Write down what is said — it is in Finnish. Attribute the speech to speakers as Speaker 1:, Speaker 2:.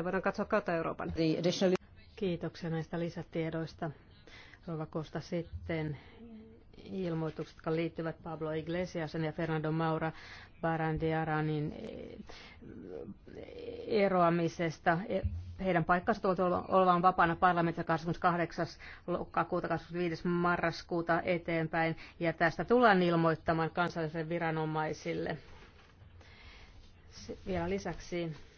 Speaker 1: sitten voidaan katsoa kautta Euroopan. Kiitoksia näistä lisätiedoista. Rova Kosta sitten ilmoitukset, jotka liittyvät Pablo Iglesiasen ja Fernando Maura Barandiaranin eh, eroamisesta. E, heidän paikkansa tuolta olevan vapaana parlamentissa 28. lokakuuta 25. marraskuuta eteenpäin, ja tästä tullaan ilmoittamaan kansallisille viranomaisille. Vielä lisäksi